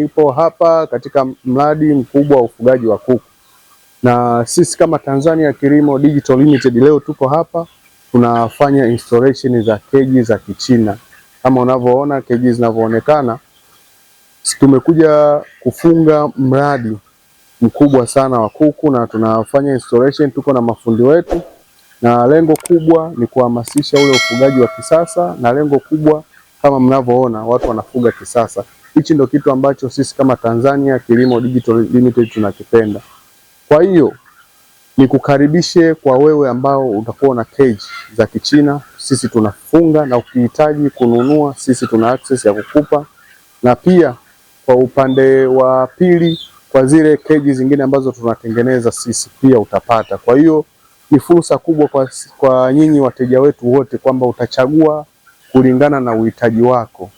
Nipo hapa katika mradi mkubwa wa ufugaji wa kuku, na sisi kama Tanzania Kilimo Digital Limited leo tuko hapa tunafanya installation za keji za Kichina kama unavyoona keji zinavyoonekana. Tumekuja kufunga mradi mkubwa sana wa kuku na tunafanya installation, tuko na mafundi wetu, na lengo kubwa ni kuhamasisha ule ufugaji wa kisasa, na lengo kubwa kama mnavyoona watu wanafuga kisasa. Hichi ndo kitu ambacho sisi kama Tanzania Kilimo Digital Limited tunakipenda. Kwa hiyo nikukaribishe kwa wewe ambao utakuwa na cage za Kichina, sisi tunafunga, na ukihitaji kununua sisi tuna access ya kukupa, na pia kwa upande wa pili, kwa zile cage zingine ambazo tunatengeneza sisi pia utapata. Kwa hiyo ni fursa kubwa kwa, kwa nyinyi wateja wetu wote kwamba utachagua kulingana na uhitaji wako.